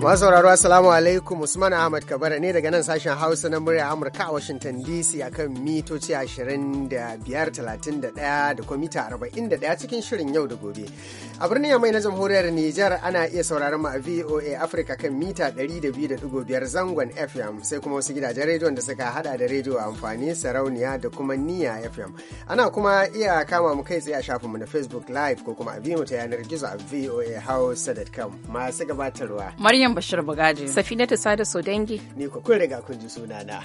Masu sauraro Assalamu alaikum Usman Ahmad Kabara ne daga nan sashen Hausa na murya Amurka a Washington DC akan mitoci 25 31 da kuma mita 41 cikin shirin yau da gobe. A birnin Yamai na jamhuriyar Nijar ana iya sauraron mu a VOA Africa kan mita 200.5 zangon FM sai kuma wasu gidajen rediyon da suka hada da rediyo amfani sarauniya da kuma niya FM. Ana kuma iya kama mu kai tsaye a shafinmu na Facebook Live ko kuma a mu ta yanar gizo a voahausa.com masu gabatarwa. Maryam Bashir Bugaji. Safinatu Sada Sodangi. Ni ku kun riga kun ji sunana.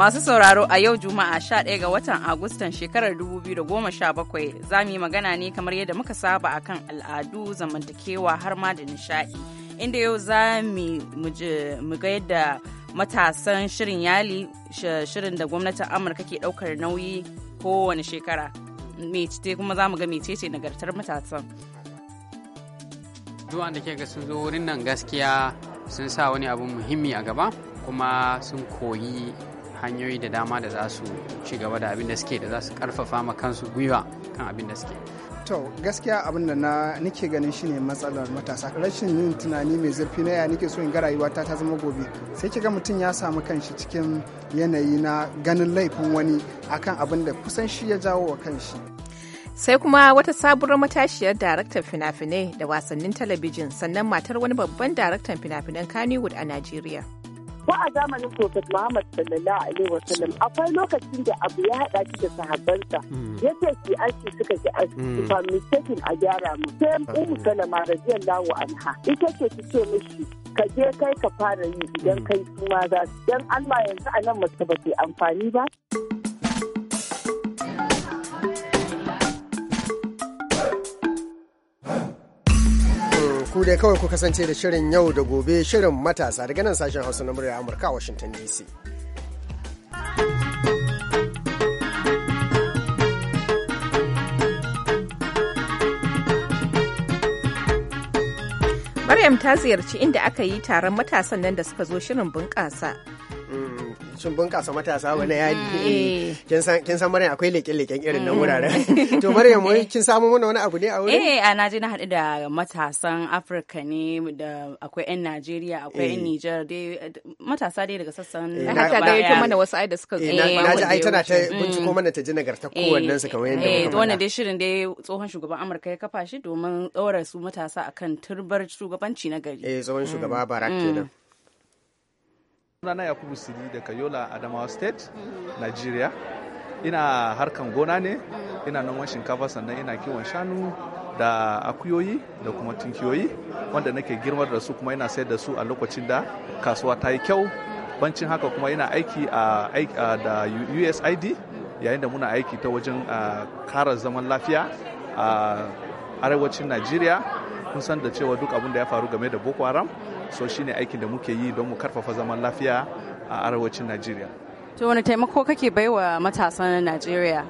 Masu sauraro a yau Juma'a 11 ga watan Agustan shekarar 2017 za mu yi magana ne kamar yadda muka saba akan al'adu zamantakewa har ma da nishaɗi Inda yau za mu ga yadda matasan shirin yali shirin da gwamnatin Amurka ke ɗaukar nauyi kowane shekara. mecite kuma za mu ga mecece nagartar matasan. Zuwa da ke ga sun zo wurin nan gaskiya sun sa wani abu muhimmi a gaba kuma sun koyi hanyoyi da dama da za su ci gaba da abin da suke da za su karfafa ma kansu gwiwa kan abin da suke to gaskiya abin da na nike ganin shine matsalar matasa rashin yin tunani mai zurfi na ya nike so in ga rayuwata ta zama gobe sai ga mutum ya samu kanshi cikin yanayi na ganin laifin wani akan abin da kusan shi ya jawo wa kanshi sai kuma wata sabuwar matashiyar daraktan fina-finai da wasannin talabijin sannan matar wani babban daraktan fina-finan kannywood a najeriya ko a zamanin Prophet Muhammad sallallahu alaihi wasallam akwai lokacin da abu ya haɗa shi da sahabbansa hmm. ya ce ki aski suka ki aski ba hmm. a gyara mu sai hmm. Ummu Salama radiyallahu anha ita ce ki ce mishi ka je kai ka fara yi idan kai kuma za su dan Allah yanzu a nan mace ba amfani ba. ku dai kawai ku kasance da shirin yau da gobe shirin matasa daga nan sashen hausa na murya amurka a washington dc Maryam ta ziyarci inda aka yi taron matasan nan da suka zo shirin bunƙasa sun bunkasa matasa wani yadi eh, kin san kin san Maryam akwai leke-leken irin nan mm. wuraren to Maryam wai kin samu mana wani abu ne a wurin eh a naje na haɗu da matasan Afirka ne da akwai 'yan Najeriya akwai 'yan eh. Nijar dai matasa dai daga sassan eh, na haka da yato mana wasu ai da suka zo na ji ai tana ta binciko mm. mana ta ji nagarta kowannen su kamar yadda muka faɗa wannan dai shirin dai tsohon shugaban Amurka ya kafa shi domin ɗaura su matasa akan turbar shugabanci na gari eh tsohon shugaba mm. Barack kenan sunana yakubu sidi daga yola adamawa state mm-hmm. nigeria ina harkan gona ne mm-hmm. ina noman shinkafa sannan ina kiwon shanu da akuyoyi da kuma tunkiyoyi wanda nake girmar da su kuma ina sayar da su a lokacin da kasuwa ta yi kyau bancin haka kuma ina aiki a da usid yayin da muna aiki ta wajen kara zaman lafiya a arewacin nigeria kun san da cewa duk abin da ya faru game da boko haram so shi ne aikin da muke yi don mu karfafa zaman lafiya a arewacin najeriya to wani taimako kake baiwa matasan najeriya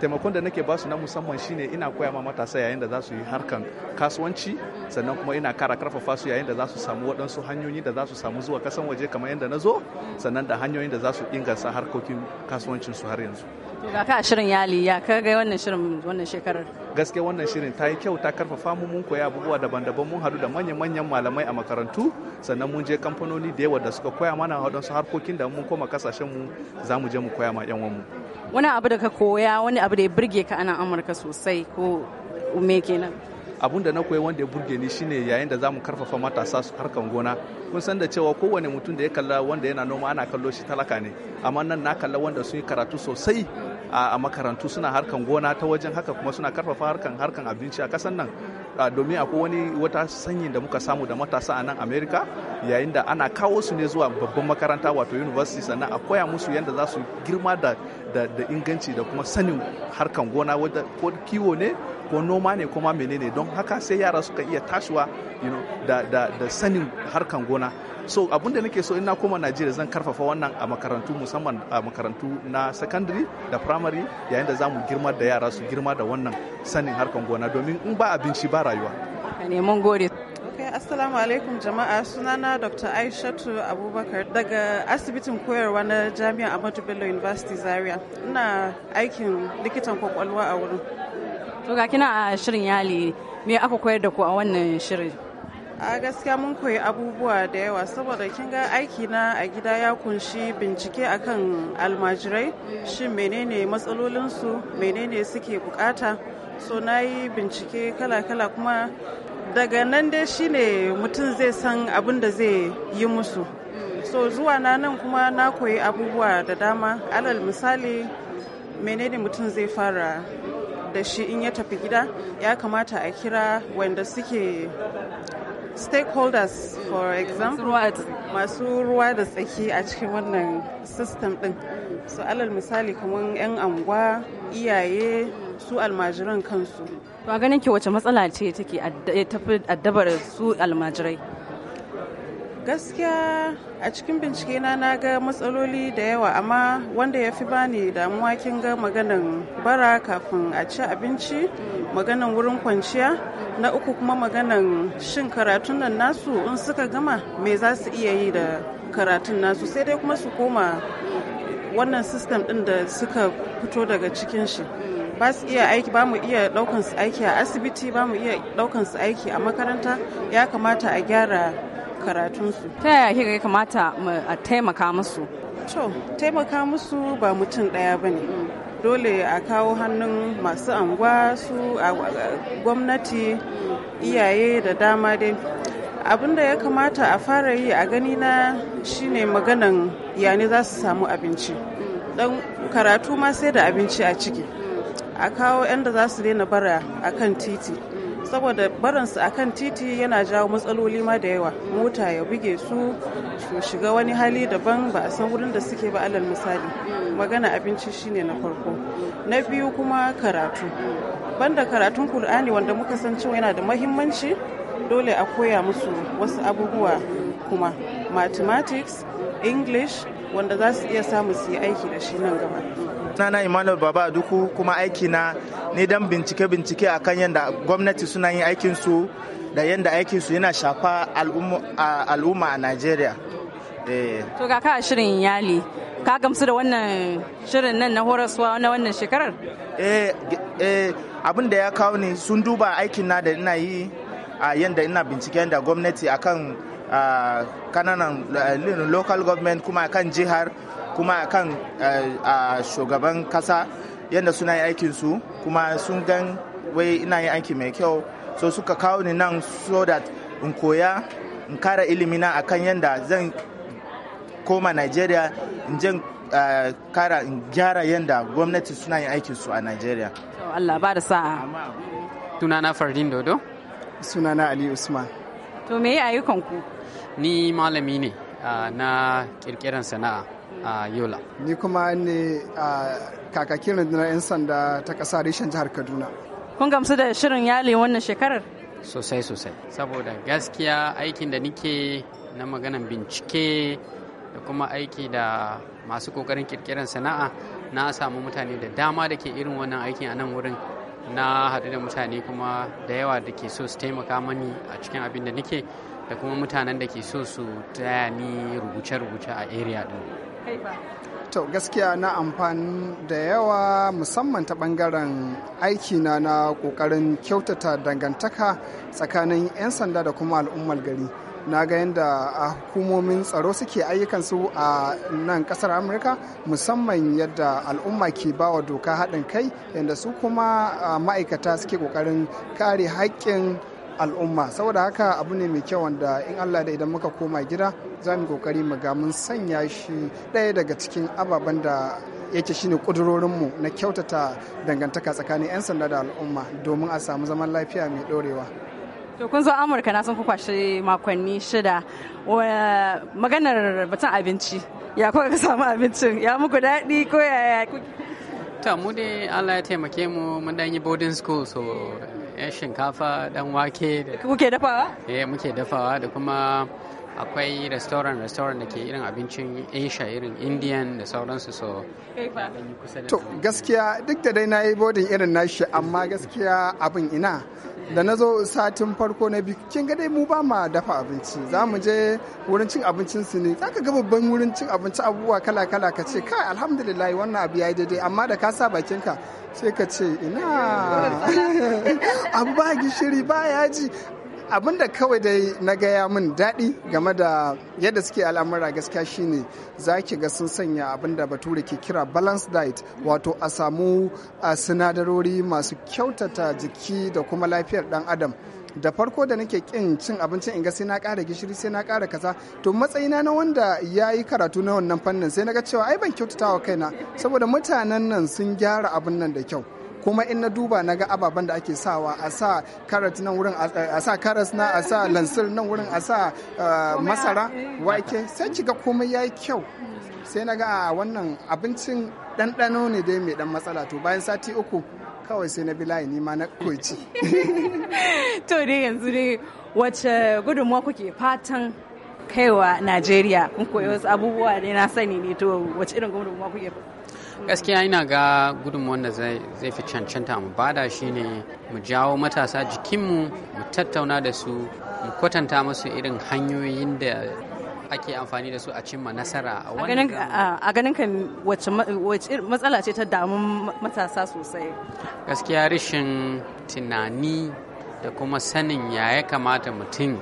taimakon da nake basu na musamman shine ina koya ma matasa yayin da za su yi harkan kasuwanci sannan kuma ina kara karfafa su yayin da za su samu waɗansu hanyoyi da za su samu zuwa kasan waje kamar yadda na zo sannan da hanyoyin da za su inganta harkokin kasuwancin su har yanzu ga ka shirin yali ya ka ga wannan shirin wannan shekarar gaskiya wannan shirin ta yi kyau ta karfafa mu mun koya abubuwa daban-daban mun haɗu da manyan-manyan malamai a makarantu sannan mun je kamfanoni da yawa da suka koya mana waɗansu harkokin da mun koma kasashen mu za mu je mu koya ma 'yan mu wani abu da ka koya wani abu da ya burge ka a nan amurka sosai ko me kenan abun da na koyi wanda ya burge ni shine yayin da zamu karfafa matasa su harkan gona kun san da cewa kowane mutum da ya kalla wanda yana noma ana kallo shi talaka ne amma nan na kalla wanda sun yi karatu sosai a makarantu suna harkan gona ta wajen haka kuma suna karfafa harkan harkan abinci a kasan nan domin akwai wani wata sanyin da muka samu da matasa a nan Amerika yayin da ana kawo su ne zuwa babban makaranta wato university sannan a koya musu yadda za su girma da inganci da kuma sanin harkan gona ko kiwo ne ko noma ne kuma menene don haka sai yara suka iya tashiwa you da, sanin harkan gona so abinda nake so ina koma najeriya zan karfafa wannan a makarantu musamman a makarantu na secondary da primary yayin da za mu girma da yara su girma da wannan sanin harkan gona domin in ba abinci ba rayuwa assalamu alaikum jama'a sunana dr aishatu abubakar daga asibitin koyarwa na jami'a amadu bello university zaria ina aikin likitan kwakwalwa a wurin to ga kina a shirin yali me aka koyar da ku a wannan shirin a gaskiya mun koyi abubuwa da yawa saboda kin ga aiki na a gida ya kunshi bincike akan almajirai shin menene matsalolinsu menene suke bukata so na yi bincike kala-kala kuma daga nan dai shine mutum zai san abin da zai yi musu so zuwa na nan kuma na koyi abubuwa da dama alal misali menene mutum zai fara da shi in ya tafi gida ya kamata a kira wanda suke stakeholders for example masu ruwa da tsaki a cikin wannan system din su alal misali kamar 'yan anguwa iyaye su almajiran kansu to ganin ke wace matsala ce take addabar su almajirai gaskiya a cikin bincike na na ga matsaloli da yawa amma wanda ya fi bani damuwa kin ga maganan bara kafin a ci abinci maganan wurin kwanciya na uku kuma maganan shin karatun nan nasu in suka gama me za su iya yi da karatun nasu sai dai kuma su koma wannan sistem din da suka fito daga cikin shi ba su iya aiki ba mu iya daukan su aiki a asibiti ba mu iya daukan su aiki a makaranta ya kamata a gyara karatunsu ta yaya kika ya kamata a taimaka musu to taimaka musu ba mutum ɗaya ba ne dole a kawo hannun masu anguwa su a gwamnati iyaye da dama dai abin da ya kamata a fara yi a gani na shine maganan yane za su samu abinci dan karatu ma sai da abinci a ciki a kawo 'yan da za su daina bara a kan titi saboda barinsu a kan titi yana jawo matsaloli ma da yawa mota ya buge su su shiga wani hali daban ba a san wurin da suke ba alal misali magana abinci shine na farko na biyu kuma karatu banda karatun kur'ani wanda muka san cewa yana da mahimmanci dole a koya musu wasu abubuwa kuma mathematics english wanda za su iya samu su yi aiki da shi nan gaba sunana Emmanuel Baba Duku kuma aiki na ne dan bincike-bincike akan yadda gwamnati suna yin aikinsu da yadda aikinsu yana shafa al'umma a Najeriya. Eh. To ga ka shirin iyali, ka gamsu da wannan shirin nan na horaswa na wannan shekarar? Eh, eh abin da ya kawo ni sun duba aikin na da ina yi a yadda ina bincike da gwamnati akan kananan eh, local government kuma kan jihar kuma kan eh, shugaban kasa yadda suna yin aikin su kuma sun gan wai ina yin aiki mai kyau so suka kawo ni nan so that in koya in kara ilimina akan yadda zan koma nigeria in je eh, kara in gyara yadda gwamnati suna yin aikin su a nigeria Allah ba da sa'a tunana fardin dodo sunana ali usman to me ayyukanku ni malami ne eh, na kirkiran sana'a a yola ni kuma ne a kakakin rundunar 'yan sanda ta kasa reshen jihar kaduna kun gamsu da shirin yali wannan shekarar sosai sosai saboda gaskiya aikin da nike na maganan bincike da kuma aiki da masu kokarin kirkirar sana'a na samu mutane da dama da ke irin wannan aikin a nan wurin na haɗu da mutane kuma da yawa da ke so su taimaka mani a cikin abin da nike da kuma mutanen da ke so su taya ni rubuce-rubuce a area din kai ba to gaskiya na amfani da yawa musamman ta bangaren aikina na kokarin kyautata dangantaka tsakanin 'yan sanda da kuma al'ummar gari na ga yadda a hukumomin tsaro suke ayyukansu a nan kasar amurka musamman yadda al'umma ke bawa doka haɗin kai yadda su kuma ma'aikata suke kokarin kare haƙƙin al'umma saboda haka abu ne mai kyau wanda in allah da idan muka koma gida za mu kokari mu ga mun sanya shi ɗaya daga cikin ababen da yake shine mu na kyautata dangantaka tsakanin 'yan sanda da al'umma domin a samu zaman lafiya mai ɗorewa to kun zo amurka na sun kwashe makonni shida maganar batun abinci ya kuka ka samu abincin ya muku daɗi ko yaya ta mu dai allah ya taimake mu mun dan yi boarding school so yan shinkafa dan wake da kuke dafawa eh muke dafawa da kuma akwai restaurant restaurant da ke irin abincin asia irin indian da sauransu so to gaskiya duk da dai na yi bodin irin nashi amma gaskiya abin ina da na zo satin farko na biyu kin dai mu ba ma dafa abinci za mu je wurin cin abincin su ne za ka ga babban wurin cin abinci abubuwa kala kala ka ce kai alhamdulillah wannan abu ya yi daidai amma da ka sa bakin ka sai ka ce ina abu ba gishiri ba yaji Abin da kawai dai na gaya min daɗi game da yadda suke al'amura gaskiya shine za ki ga sun sanya abinda bature ke kira balance diet wato a samu sinadarori masu kyautata jiki da kuma lafiyar dan adam da farko da nake kin cin abincin in ga sai na ƙara gishiri sai na ƙara kaza to matsayina na wanda ya yi karatu na wannan fannin sai na ga cewa ai ban kyautatawa kaina saboda mutanen nan sun gyara abin nan da kyau kuma in na duba na ga ababen da ake sawa a sa karas nan wurin a sa karas na a sa lansir nan wurin a sa eh, masara wake sai kiga komai yayi kyau sai na ga ah, wannan abincin ɗanɗano ne dai mai ɗan matsala to bayan sati uku kawai sai na bi layi nima na koci to dai yanzu dai wacce gudunmuwa kuke fatan kaiwa najeriya kun koyi wasu abubuwa ne na sani ne to wacce irin gudunmuwa kuke gaskiya ina ga gudunmuwan da zai fi cancanta mu bada shine mu jawo matasa jikinmu mu tattauna da su mu kwatanta musu irin hanyoyin da ake amfani da su a cimma nasara a ganin kan wacce matsala ce ta damun matasa sosai gaskiya rashin tunani da kuma sanin ya ya kamata mutum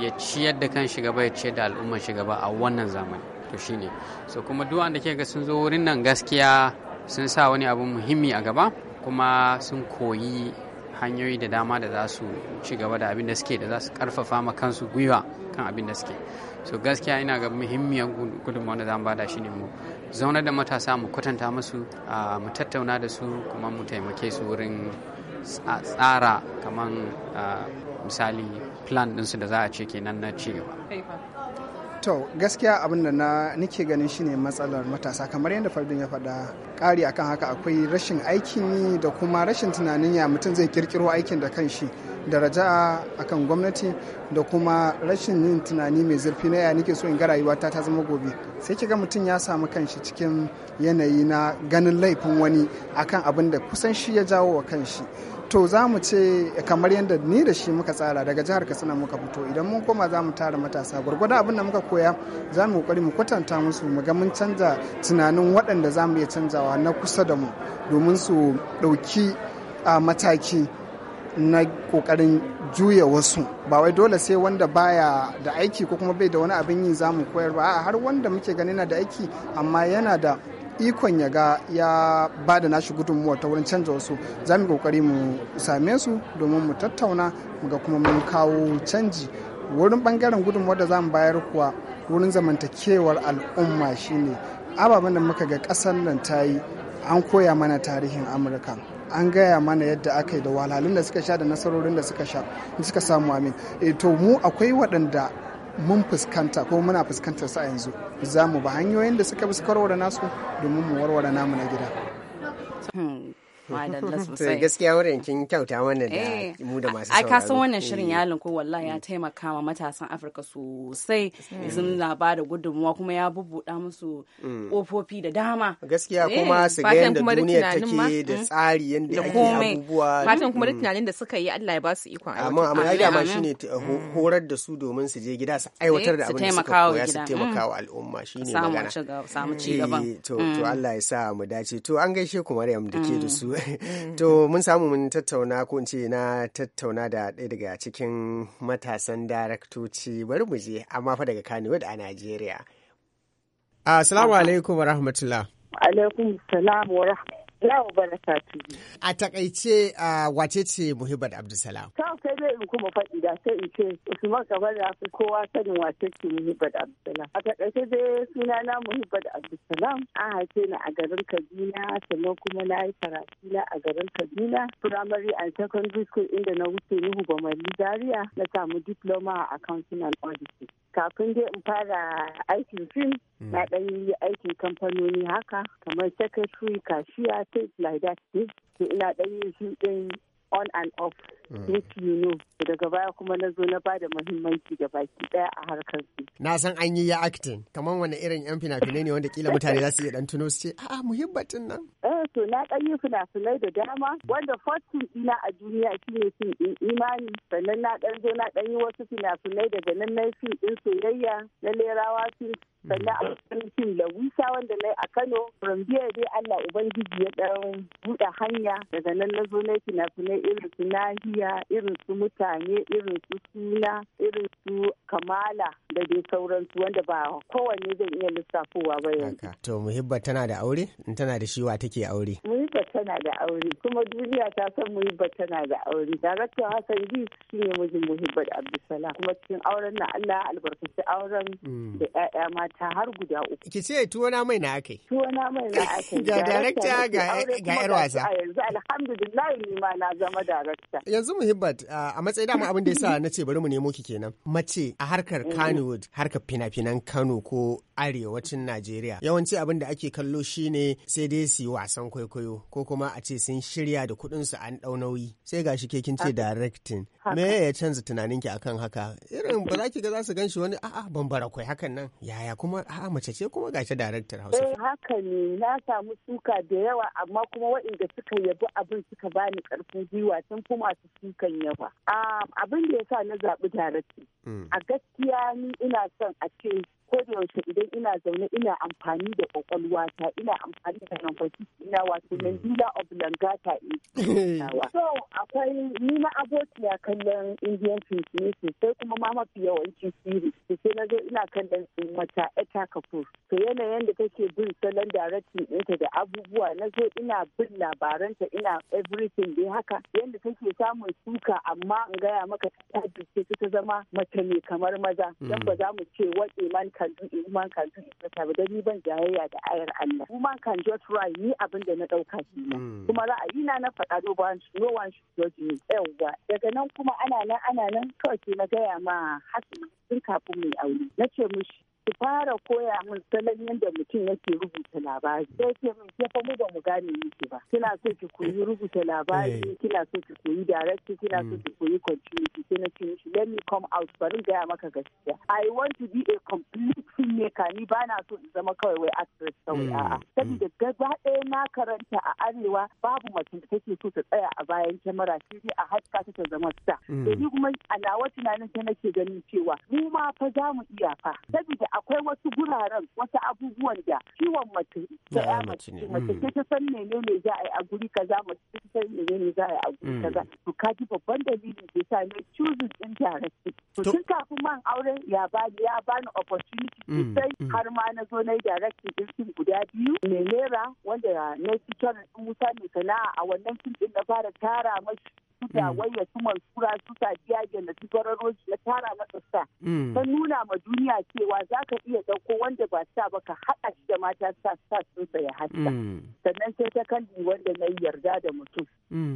ya ciyar da kan shiga ya ciyar da al'ummar ba a wannan zamani to ne so kuma duw'an da ke ga sun zo wurin nan gaskiya sun sa wani abu muhimmi a gaba kuma sun koyi hanyoyi da dama da za su ci gaba da abin da suke da za su karfafa ma kansu gwiwa kan abin da suke so gaskiya ina ga muhimmiyar gudunmawa da mu bada shi ne mu zaunar da matasa mu kwatanta musu mu tattauna da su kuma mu taimake su wurin tsara kamar misali plan ɗinsu da za a ce kenan na ci gaba to gaskiya abin da na nike ganin shine matsalar matasa kamar yadda fardun ya faɗa ƙari akan haka akwai rashin aikin yi da kuma rashin tunanin ya mutum zai kirkiro aikin da kan shi daraja akan gwamnati da kuma rashin yin tunani mai zurfi na ya nike so in ga rayuwata ta zama gobe sai kiga mutum ya samu kanshi cikin yanayi na ganin laifin wani akan abin da kusan shi ya jawo wa kanshi to za mu ce kamar yadda ni da shi muka tsara daga jihar katsina muka fito idan mun koma za mu tara matasa gwargwadon abin da muka koya za mu kokari mu kwatanta musu mu ga mun canza tunanin waɗanda za mu iya canzawa na kusa da mu domin su ɗauki a mataki na kokarin juya wasu ba wai dole sai wanda baya da aiki ko kuma bai da wani abin yi za mu koyar ba har wanda muke gani na da aiki amma yana da ikon ya ga ya ba da nashi gudunmuwa ta wurin canza wasu za mu kokari mu same su domin mu tattauna mu ga kuma mun kawo canji wurin bangaren gudunmuwa da za mu bayar kuwa wurin zamantakewar al'umma shine ababen da muka ga kasar nan ta yi an koya mana tarihin amurka an gaya mana yadda aka yi da wahalhalun da suka sha da nasarorin da suka suka samu amin eh to mu akwai waɗanda mun fuskanta ko muna fuskantar sa yanzu za mu ba hanyoyin da suka bi su nasu domin mu warware namu na gida hmm. madalla sosai gaskiya wurin kin kyauta mana da eh, mu da masu sauraro ai wannan shirin eh. ya linku wallahi ya taimaka wa matasan Afirka sosai sun na ba da gudunmuwa kuma ya bubuda musu kofofi mm. da dama gaskiya eh, kuma su ga yadda duniya take da mm, tsari yadda ake abubuwa fatan kuma da mm. tunanin da suka yi Allah ya ba su ikon aiwatar amma amma ya ma shine horar da su domin su je gida su aiwatar da abin da suka koya su taimaka wa al'umma shine magana samu ci gaba to to Allah ya sa mu dace to an gaishe ku Maryam da ke da su Mm. to mun samu mun tattauna ko in ce na tattauna da ɗaya daga cikin matasan daraktoci bari mu je amma fa daga Kanewood a Najeriya. Assalamu alaikum wa rahmatullah. Alaikum salam wa rahmatullah. bana barakatuhu. A takaice wace ce Muhibbat Abdulsalam? Kawai sai zai in kuma faɗi da sai in ce Usman Kamal ya fi kowa sanin wace ce Muhibbat Abdulsalam. A takaice dai suna na Muhibbat Abdulsalam an haife ni a garin Kaduna sannan kuma na yi karatu na a garin Kaduna primary and secondary school inda na wuce Nuhu Bamali Zaria na samu diploma a accounting and auditing. kafin dai in fara aikin fim mm. na ɗan yi aikin kamfanoni haka kamar secretary kashiya things like that ne ina ɗan yin shi ɗin on and off which hmm. you know daga baya kuma na zo na ba da muhimmanci ga baki daya a harkar su na san an yi ya acting kamar wani irin yan fina-finai ne wanda kila mutane za su iya dan tuno su ce a'a muhimmatin nan eh to na dan yi fina-finai da dama wanda fortune dina a duniya shine fin din imani sannan na dan zo na dan yi wasu fina-finai daga nan na din soyayya na lerawa fim sannan mm. a cikin fim lawisa wanda na a kano from dai allah ubangiji ya dan buɗe hanya daga nan na zo na fina-finai irin su nahiya irin su mutane irin su suna irin su kamala da dai sauransu wanda ba kowanne zan iya lissafowa ba yanzu. to muhibba tana da aure in tana da shiwa take aure. muhibba tana da aure kuma duniya ta san muhibba tana da aure darakta hassan ji shi ne mijin muhibba abdulsalam kuma cikin auren na allah albarkaci auren mm. da 'ya'ya mata mata har guda uku. Ki ce tuwo na mai na aka yi. na mai na aka yi. Ga darakta ga yar wasa. Yanzu alhamdulillah ni ma na zama darakta. Yanzu Muhibbat a matsayin dama abin da ya na ce bari mu nemo ki kenan. Mace a harkar mm. Kannywood harkar fina-finan Kano ko arewacin Najeriya yawanci abin da ake kallo shine sai dai su yi wasan kwaikwayo ko kuma a ce sun shirya da kuɗin su an ɗau nauyi sai gashi ke kin ce directing me ya canza tunanin ki akan haka irin ba za ki ga za su gan wani a'a bambara kwai hakan nan yaya kuma a mace ce kuma gashi daraktar Hausa. Eh haka ne na samu suka da yawa amma kuma waɗanda suka yabi abin suka bani karfin gwiwa tun kuma su sukan yawa. Ah, abin da ya sa na zabi director hmm. A gaskiya ni ina son a ce ko da yaushe idan ina zaune ina amfani da kwakwalwa ta ina amfani da numfashi ina wato hmm. mandila of langata so akwai ni na abokiya kallon indian films sai kuma ma mafi yawanci siri sai na zo ina kallon sun mata eta kafur to yanayin da take bin salon daraktin ɗinta da abubuwa na zo ina bin labaranta ina everything dai haka yadda take samun suka amma in gaya maka ta ta zama mace ne kamar maza don ba hmm. za mu ce wace man kan do kuma eh, woman can do it better da ni ban jayayya da ayar Allah kuma kan just try ni abin da na dauka shi hmm. kuma ra'ayi na na faɗa no one no one should judge me daga nan kuma ana nan ana nan kawai na gaya ma hasu sun kafin mu aure na ce ki fara koya min salon yadda mutum yake rubuta labari sai ce min ke fa mu ba mu gane miki ba kina so ki koyi rubuta labari eh. kina so ki koyi direction kina so mm. ki koyi continuity sai na ce mishi let me come out bari gaya maka gaskiya i want to be a complete filmmaker ni ba na so in zama kawai wai actress kawai mm. a'a saboda mm. gaba ɗaya na karanta a arewa babu mace da take so ta tsaya a bayan kyamara sai dai a haska ta ta zama sa Da ni kuma a nawa tunanin sai nake ganin cewa mu ma fa za mu iya fa saboda akwai wasu guraren wasu abubuwan da ciwon mace da ya mace mace mm. ce ta san ne za a yi a guri kaza mace ce ta san ne za a yi a guri mm. kaza to ka ji babban dalilin da sa ne choosing din direction to tun kafin man aure ya bani ya bani opportunity mm, sosai har ma na zo na yi direction din guda biyu mai nera wanda na fi kyan Musa mai sana'a a wannan fim din na fara tara mashi da mm. waya su mansura su sadiya da su gwararo na tara masa sa ta mm. nuna ma duniya cewa za ka iya dauko wanda ba sa ba ka haɗa shi da mata sa sa sun ya haska mm. sannan sai ta kandi wanda na yi yarda da mutum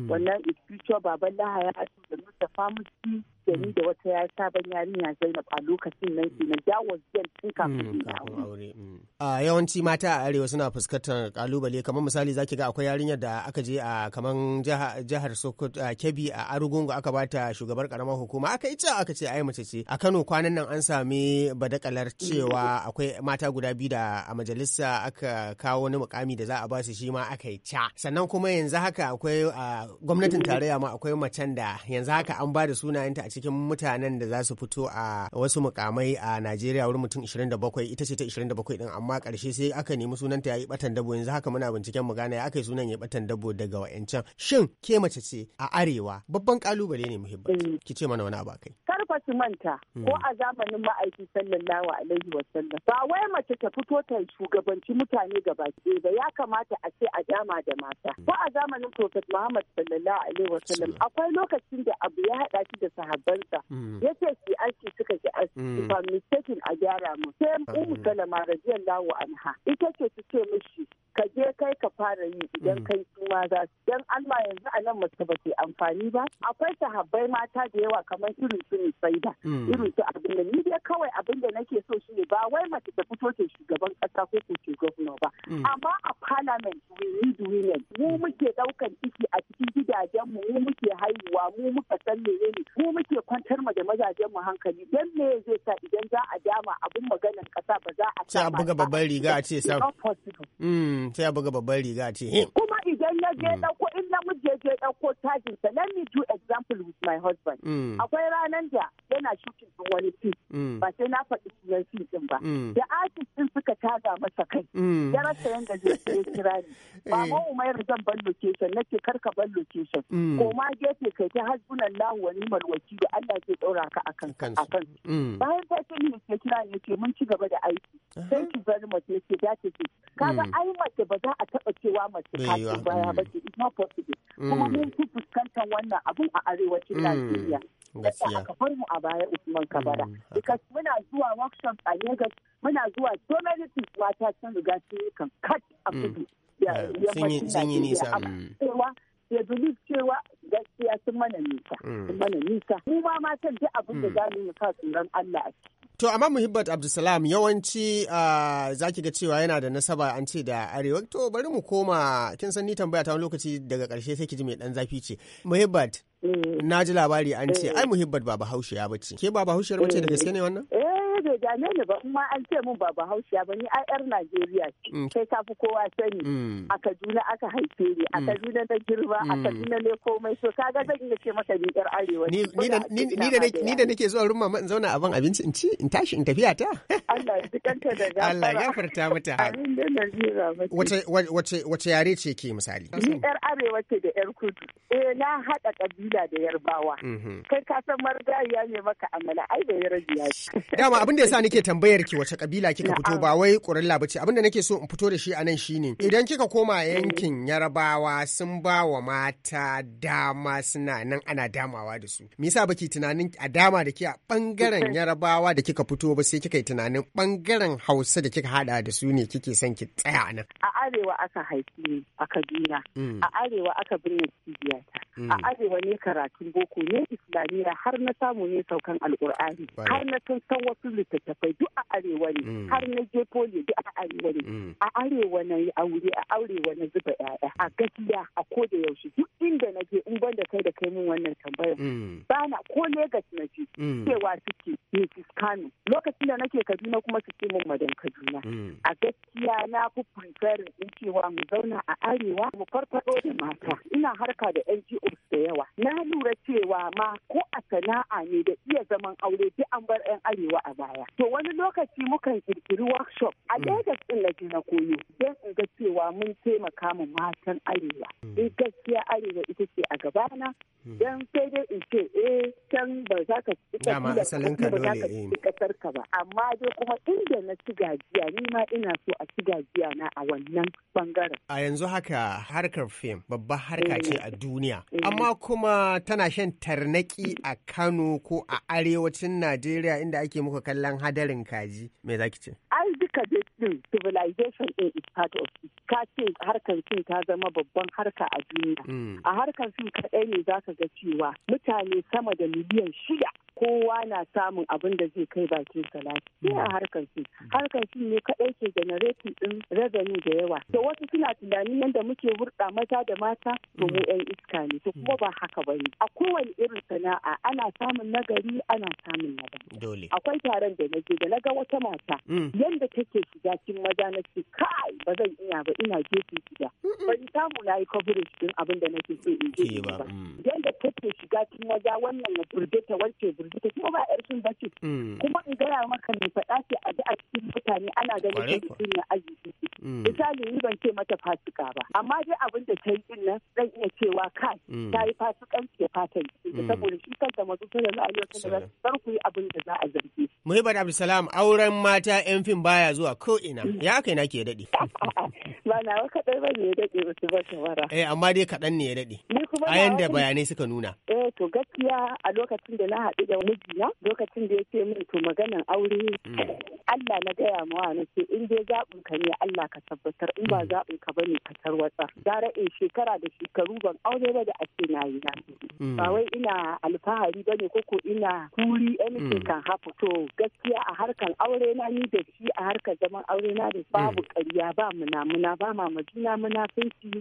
wannan iskicho baban laha ya da nusa famusi da ni da wata ya sabon yarinya Zainab a lokacin nan kenan na was then tun kafin aure Uh, yawanci mata a arewa suna fuskantar kalubale kamar misali zaki ga akwai yarinyar da aka je a kamar jihar Sokoto a Kebbi a Arugungu aka bata shugabar karamar hukuma aka ita aka ce ai mace ce a Kano kwanan nan an sami badakalar cewa akwai mata guda biyu da a majalisa aka kawo wani mukami da za a ba su shi ma aka yi ca sannan kuma yanzu haka akwai gwamnatin tarayya ma akwai macen da yanzu haka an ba da sunayenta a cikin mutanen da za su fito a wasu mukamai a Najeriya wurin mutum 27 ita ce ta 27 din amma amma karshe sai aka nemi sunanta yayi batan dabo yanzu haka muna binciken mu gane aka yi sunan ya batan dabo daga wa'ancan shin ke mace ce a arewa babban kalubale ne muhimmanci eh. ki ce mana wani abu kai karfa ki manta hmm. ko a zamanin ma'aiki sallallahu alaihi wa sallam ba wai mace ta fito ta shugabanci mutane gaba ɗaya ba ya kamata a ce a dama da mata hmm. ko a zamanin prophet Muhammad sallallahu alaihi wa sallam akwai lokacin da abu ya hada shi da sahabbansa hmm. yace ki aski suka ki aski ba mistakin a gyara mu sai ummu salama radiyallahu a naha ita ce ta ce mishi ka je kai ka fara yi idan mm. kai suma za su dan Allah yanzu a nan mace ba ke amfani ba akwai sahabbai mata da yawa kamar irin su ne da mm. irin su abin da ni dai kawai abin da nake so ne ba wai mace ta fito ce shugaban kasa ko ko ce gwamna ba mm. amma a parliament we need women mu muke daukan ciki a cikin gidajen mu mu muke haihuwa mu muka san menene mu muke kwantar ma da mazajen mu hankali dan me zai sa idan za a dama abin maganar kasa ba za a sa ba babban riga a ce hmm, sai a buga babban riga a ce kuma idan ya je hmm. ɗauko je ɗauko tajin sa let me do example with my husband mm. akwai ranan da yana shooting din wani fim mm. ba sai na faɗi sunan film din ba mm. da artist din suka taga masa kai ya rasa yanda zai ya kira ni mama eh. umairu zan ban location nake karka ban location ko ma gefe kai ta hasbunan lahu wani malwaki da Allah zai ɗaura ka akan akan bayan ta ce ni ya kira ni mun ci gaba da aiki sai ki bari mace yake dace ce kaga ai mace ba za a taɓa cewa mace ta baya ba it's not possible Kuma mm. mun fi fuskantar wannan abun a arewacin mm. Najeriya. Yadda aka bar mu a baya Usman Kabara. Mm, Because muna zuwa workshops a Lagos, muna zuwa so many things mata sun riga sun yi kan cut a kudu. Sun yi nisa. ya believe cewa gaskiya sun mana nisa. Sun mana nisa. Mu ma matan duk abin da za mu yi mu sa tsoron Allah a ciki. To amma Muhibbat Abdulsalam yawanci uh, za ga cewa yana da nasaba an ce da arewa to bari mu koma kin san ni tambaya ta wani lokaci daga ƙarshe sai ki ji mai dan zafi ce Muhibbat mm. na ji labari an ce eh. ai Muhibbat ba ya bace ke ba Bahaushiyar bace da gaske ne wannan? Eh gane ni ba kuma an ce min ba bahaushiya ba ni a yar Najeriya ce mm. kai ka fi kowa sani mm. a Kaduna aka haife ni a mm. Kaduna na girma a Kaduna ne komai so kaga zan iya ce maka ni yar arewa ni ni da nake zuwa rumma in zauna a ban abinci in ci in tashi in tafiya ta Allah ya kanta da gafara Allah ya furta mata wace wace wace yare ce ke misali ni yar arewa ce da yar kudu eh na hada kabila da yarbawa mm-hmm. kai ka san margariya ne maka amala ai da ya rage ya dama abin da yasa nake tambayar ki wace kabila kika fito ba wai kurilla bace abinda nake so in fito da shi anan shine idan kika koma yankin Yarabawa sun ba wa mata dama suna nan ana damawa da su. Me yasa baki tunanin a dama da ke a bangaren Yarabawa da kika fito ba sai kika yi tunanin bangaren Hausa da kika hada da su ne kike son ki tsaya nan. A arewa aka haifi ni a Kaduna, mm. a arewa aka binne cibiyata, a mm. arewa ne karatun boko ne Islamiyya har na samu ne saukan Alkur'ani, har na san wasu littattafai duk a arewa ne mm. har na je polio. duk a arewa ne mm. a arewa na yi aure a arewa na zuba yaya a gajiya a ko da yaushe duk inda na je in ban da kai da kai min wannan tambaya mm. bana ko Legas na je cewa suke Mrs. Kano lokacin da nake Kaduna kuma suke min madan Kaduna a gaskiya na fi prefer in cewa mu zauna a arewa mu farfado da mata ina harka da ngo da yawa cewa ma ko a sana'a ne da iya zaman aure duk an bar 'yan arewa a baya. To wani lokaci mukan kirkiri workshop a mm. Legas ɗin na na koyo don in ga cewa mun taimaka mu matan arewa. in mm. eh, gaskiya arewa ita ce a gabana mm. don sai dai in ce eh can ba za ka ka ba za ka kasar ka ba amma dai kuma inda na ci gajiya ni ma ina so a ci gajiya na a wannan bangaren a yanzu haka harkar fim babbar harka ce eh. a duniya eh. amma kuma tana shan tarnaki a Kano ko a arewacin Najeriya inda ake muka kallon hadarin kaji me zaki ce ai din civilization in is part of it ka ce harkar fim ta zama babban harka a duniya mm. a harkar fim kaɗai ne za ka ga cewa mutane sama da miliyan shida kowa na samun abin da zai kai bakin salati sai a harkar su harkar su ne kaɗai ke generating din revenue da yawa to wasu suna tunanin yadda muke hurɗa maza da mata to mu yan iska ne to kuma ba haka ba ne a kowane irin sana'a ana samun nagari ana samun nagari akwai taron da na je da na ga wata mata mm. yanda take shiga cikin maza na ce kai ba zan iya ba ina gefe shiga ban samu na yi coverage din abin da nake so in je ba mm. yadda take shiga cikin maza wannan ya burge ta wace burge ita kuma ba yar sun bace mm. kuma in gaya maka mai faɗa ce a ji a cikin mutane ana ganin ta ya arziki mm. misali ni ban ce mata fasika ba amma dai abin da ta yi din nan zan iya cewa kai mm. ta yi fasikanci ya fatan yi saboda shi kanta mazu sallallahu alaihi da zan ku yi abin da za a zargi Muhibar abdulsalam auren mata yan fim baya zuwa ko ina ya kai na ke daɗe ba na wa kaɗai ba ne ya daɗe ba su ba shawara eh amma dai kaɗan ne ya daɗe a yanda bayanai suka nuna to gaskiya a lokacin da na haɗu da mijina lokacin da ya ce min to maganan aure Allah na gaya mawa na ce in dai zaɓin ka ne Allah ka tabbatar in ba zaɓin ka bane ka tarwatsa zara in shekara da shekaru ban aure ba da a na yi na mm. ba wai ina alfahari bane ko ko ina kuri anything kan mm. hafu to gaskiya a harkan aure na ni da shi a harkar zaman aure na da mm. babu ƙarya ba munamuna ba ma majuna munafunci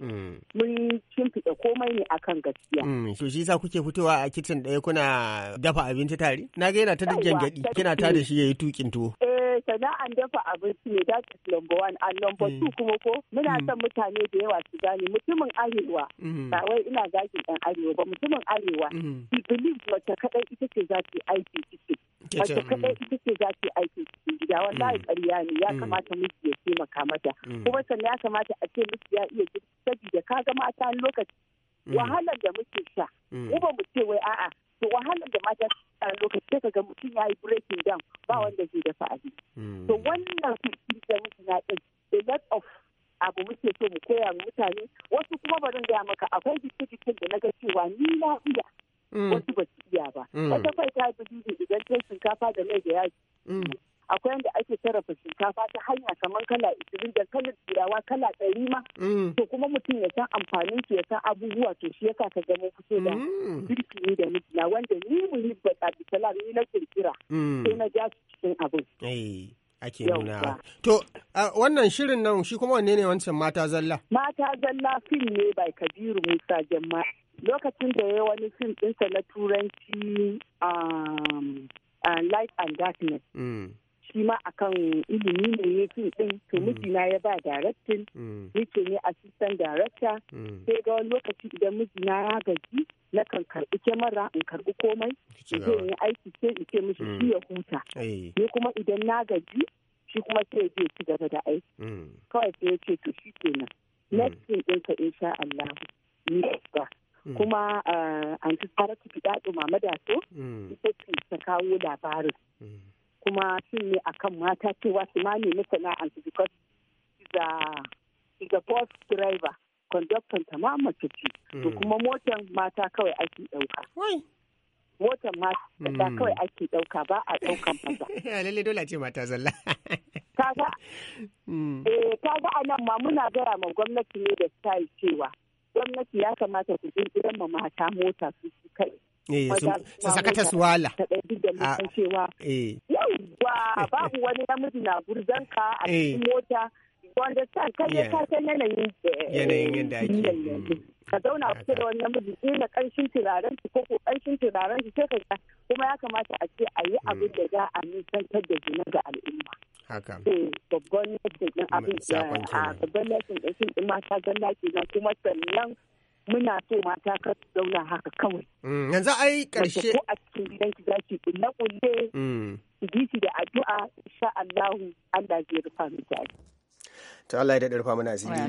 mun shimfiɗa komai ne akan gaskiya. To shi sa kuke fitowa zamewa a kicin ɗaya kuna dafa abinci tare? Na ga yana ta gyaɗi kina ta da shi ya yi tukin tuwo. Eh sana'an dafa abinci ne is number one and number hmm. two kuma ko muna hmm. son mutane da yawa su gane mutumin arewa hmm. ba wai ina zakin ɗan arewa ba mutumin arewa he believes mace kaɗai ita ce za ta aiki ciki. Mace kaɗai ita ce za ta aiki cikin gida wallahi ƙarya ne ya kamata miji ya taimaka mata kuma sannan ya kamata a ce miji ya iya girki saboda ka ga mata lokaci wahalar da muke sha Mm. Mu ba mu ce wai a'a to wahalar da mata a lokacin ka ga mutum ya yi breaking down ba mm. wanda zai dafa abin mm. To wannan fitin da mutum na ɗin a lack of abu muke so mu koya wa mutane wasu kuma ba gaya maka akwai jikin da na ga cewa ni na iya wasu ba su iya ba. Wata fai ta yi idan ta shinkafa da mai da yaji. akwai yadda ake sarrafa shinkafa ta hanya kamar kala isirin, da kalar turawa kala ɗari ma. Mm. To kuma mutum ya san amfanin ya san abubuwa to shi yasa ka gama fito da birki mm. ne da mijina wanda ni muhibba tsabisalar ni na kirkira. Mm. Sai na ja su cikin abin. Eh, ake nuna. To, wannan shirin nan shi kuma wanne ne wancan mata zalla? Mata zalla fim ne bai Kabiru Musa Jamma. Lokacin da ya wani fim ɗinsa na Turanci um, uh, Light and Darkness. Mm. shi ma akan ilimi ne yake din to mm. mijina ya ba directing mm. yake ne assistant director mm. sai ga wani lokaci idan mijina ya gaji na kan karbi kyamara in karbi komai ke yi aiki sai in ce mishi shi ya huta eh. ne kuma idan na gaji shi kuma sai zai ci gaba da aiki kawai sai ya ce to shi kenan next thing ka insha Allah ni ba kuma eh, an ci tsara fi daɗo mama da so ita ce ta kawo labarin kuma shi ne akan mata cewa su ma nemi sana'ansu because she's a bus driver conductor ta ma mace ce to hmm. kuma motan mata kawai ake ɗauka. motan mata hmm. kawai ake ɗauka ba a ɗaukan ya Lalle dole ce mata zalla. Hmm. Eh, kaga a nan ma muna gaya ma gwamnati ne da style cewa gwamnati ya kamata su gidan ma mata mota su kai. Eh, su sakata su wala. Ta ɗan ah, cewa. Eh. ba babu wani namiji na gurzan ka a eh. cikin mota wanda san kan ya kasan yanayin yanayin yadda ake ka zauna kusa da wani namiji ina karshen turaren shi ko karshen turaren shi sai ka kuma ya kamata a ce a yi abin da za a nisantar da juna ga al'umma haka babban lesson din abin a babban lesson din mata ganna kenan kuma sannan muna so mata ka zauna haka kawai. Mm, yanzu ai ƙarshe. Ko a cikin gidan ki zaki kulle kulle. Ki da addu'a insha Allahu Allah zai rufa miki to Allah ya daɗa rufa mana asiri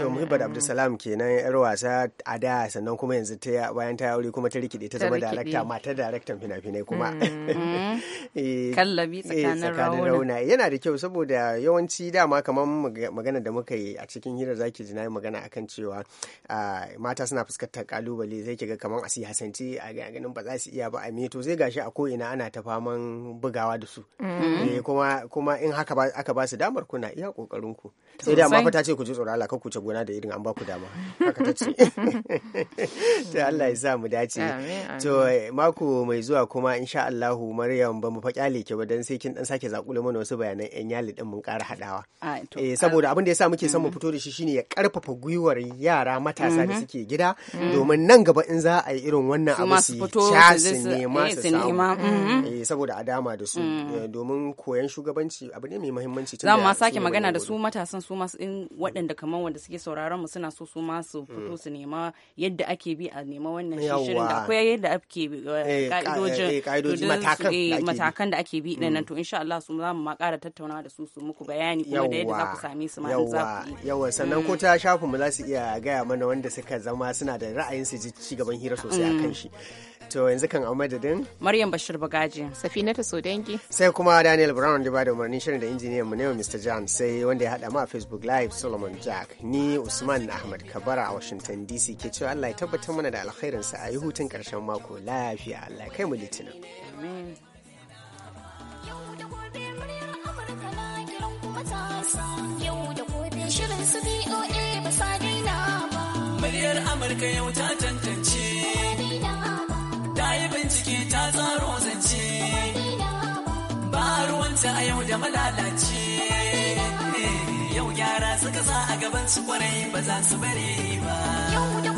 to muhibbat abdulsalam kenan yar wasa a da sannan kuma yanzu ta bayan ta aure kuma ta rikide ta zama darakta mata darakta fina-finai kuma mm, mm. Eh, kallabi eh, tsakanin rauna yana da kyau saboda yawanci dama kamar magana da muka yi a cikin hira zaki ji na magana akan cewa mata suna fuskantar kalubale zai kiga kamar a siyasance a ganin ba za su iya ba a to zai gashi a ko ina ana ta faman bugawa da su mm. eh, kuma in haka aka ba su damar kuna iya kokarin ku sai dai amma fa ta ce ku ji tsoron Allah ku ce gona da irin an ba ku dama haka ta ce to Allah ya sa mu dace to eh, mako mai zuwa kuma insha Allah Maryam ba mu fa kyale ki ba dan sai kin dan sake zakula mana wasu bayanan yan yali din mun ƙara hadawa eh saboda abin da yasa muke son mu mm. fito da shi shine ya karfafa gwiwar yara matasa da mm-hmm. suke gida mm. domin nan gaba in za a yi irin wannan abu su sha eh, su nema su samu mm-hmm. eh, saboda a dama da su mm. domin koyan shugabanci abu ne mai muhimmanci za mu ma sake magana da su matasan su masu in waɗanda kamar wanda suke sauraron mu suna so su masu mm. fito su nema yadda ake bi a nema wannan shirin da akwai yadda ake bi ka'idojin matakan da ake bi din mm. to insha Allah su za mu ma ƙara tattaunawa da su su muku bayani kuma da yadda za ku same su ma za ku yawa sannan ko mm. ta shafin mu za su iya gaya mana wanda suka zama suna da ra'ayin su ji ci gaban hira sosai akan shi To yanzu kan a madadin? Maryam Bashir Bagaji. Safina ta dangi. Sai kuma Daniel Brown da ba da umarnin shirin da injiniyan mu ne Mr. Jam sai wanda ya hada ma a Facebook Live Solomon Jack. Ni Usman Ahmad Kabara a Washington DC ke cewa Allah ya tabbatar mana da sa a yi hutun karshen mako lafiya Allah kai mu litinin. shirin su ba sa ba. miliyar Amurka yau ta tantance. mata yau da malalaci eh, yau gyara suka sa a gaban su kwarai ba za su bari ba